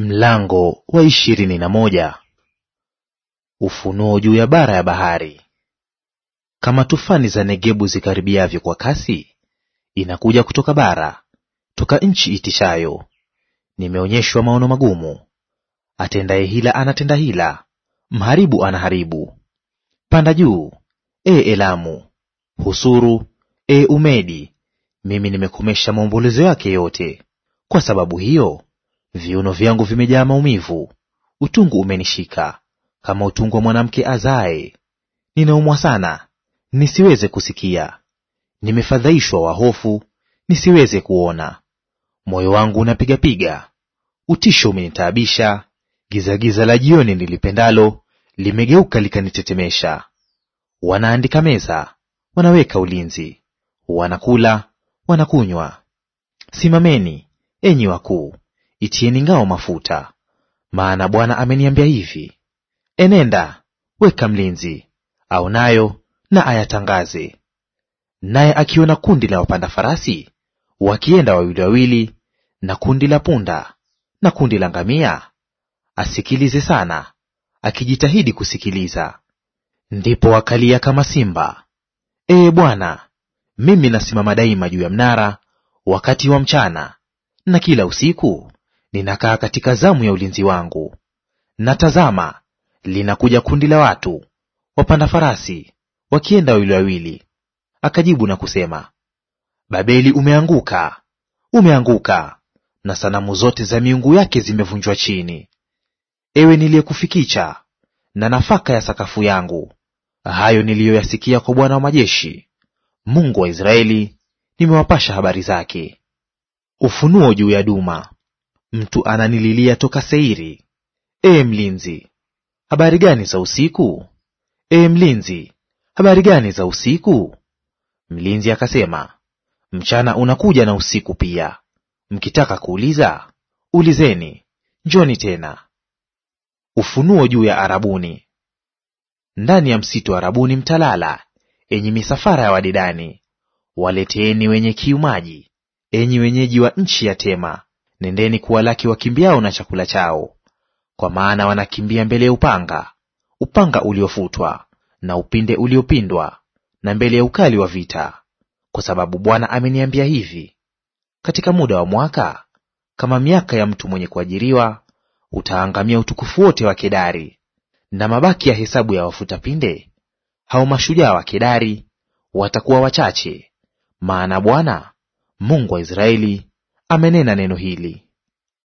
Mlango wa ishirini na moja. Ufunuo juu ya bara ya bahari. Kama tufani za Negebu zikaribiavyo kwa kasi, inakuja kutoka bara, toka nchi itishayo. Nimeonyeshwa maono magumu. Atendaye hila anatenda hila, mharibu anaharibu. Panda juu, e Elamu, husuru, e Umedi, mimi nimekomesha maombolezo yake yote. Kwa sababu hiyo Viuno vyangu vimejaa maumivu, utungu umenishika, kama utungu wa mwanamke azae. Ninaumwa sana nisiweze kusikia, nimefadhaishwa wa hofu nisiweze kuona. Moyo wangu unapigapiga, utisho umenitaabisha. Gizagiza la jioni nilipendalo limegeuka likanitetemesha. Wanaandika meza, wanaweka ulinzi, wanakula, wanakunywa. Simameni, enyi wakuu, itieni ngao mafuta, maana Bwana ameniambia hivi, enenda weka mlinzi aonayo na ayatangaze. Naye akiona kundi la wapanda farasi wakienda wawili wawili, na kundi la punda na kundi la ngamia, asikilize sana, akijitahidi kusikiliza. Ndipo wakalia kama simba, Ee Bwana, mimi nasimama daima juu ya mnara wakati wa mchana, na kila usiku ninakaa katika zamu ya ulinzi wangu. Natazama, linakuja kundi la watu wapanda farasi wakienda wawili wawili. Akajibu na kusema, Babeli umeanguka, umeanguka, na sanamu zote za miungu yake zimevunjwa chini. Ewe niliyekufikicha na nafaka ya sakafu yangu, hayo niliyoyasikia kwa Bwana wa majeshi, Mungu wa Israeli, nimewapasha habari zake. Ufunuo juu ya Duma. Mtu ananililia toka Seiri, ee mlinzi, habari gani za usiku? Ee mlinzi, habari gani za usiku? Mlinzi akasema, mchana unakuja na usiku pia; mkitaka kuuliza, ulizeni, njoni tena. Ufunuo juu ya Arabuni. Ndani ya msitu Arabuni mtalala, enyi misafara ya Wadedani; waleteeni wenye kiu maji, enyi wenyeji wa nchi ya Tema. Nendeni kuwalaki wakimbiao na chakula chao, kwa maana wanakimbia mbele ya upanga, upanga uliofutwa na upinde uliopindwa, na mbele ya ukali wa vita. Kwa sababu Bwana ameniambia hivi, katika muda wa mwaka kama miaka ya mtu mwenye kuajiriwa, utaangamia utukufu wote wa Kedari, na mabaki ya hesabu ya wafuta pinde, hao mashujaa wa Kedari watakuwa wachache, maana Bwana Mungu wa Israeli amenena neno hili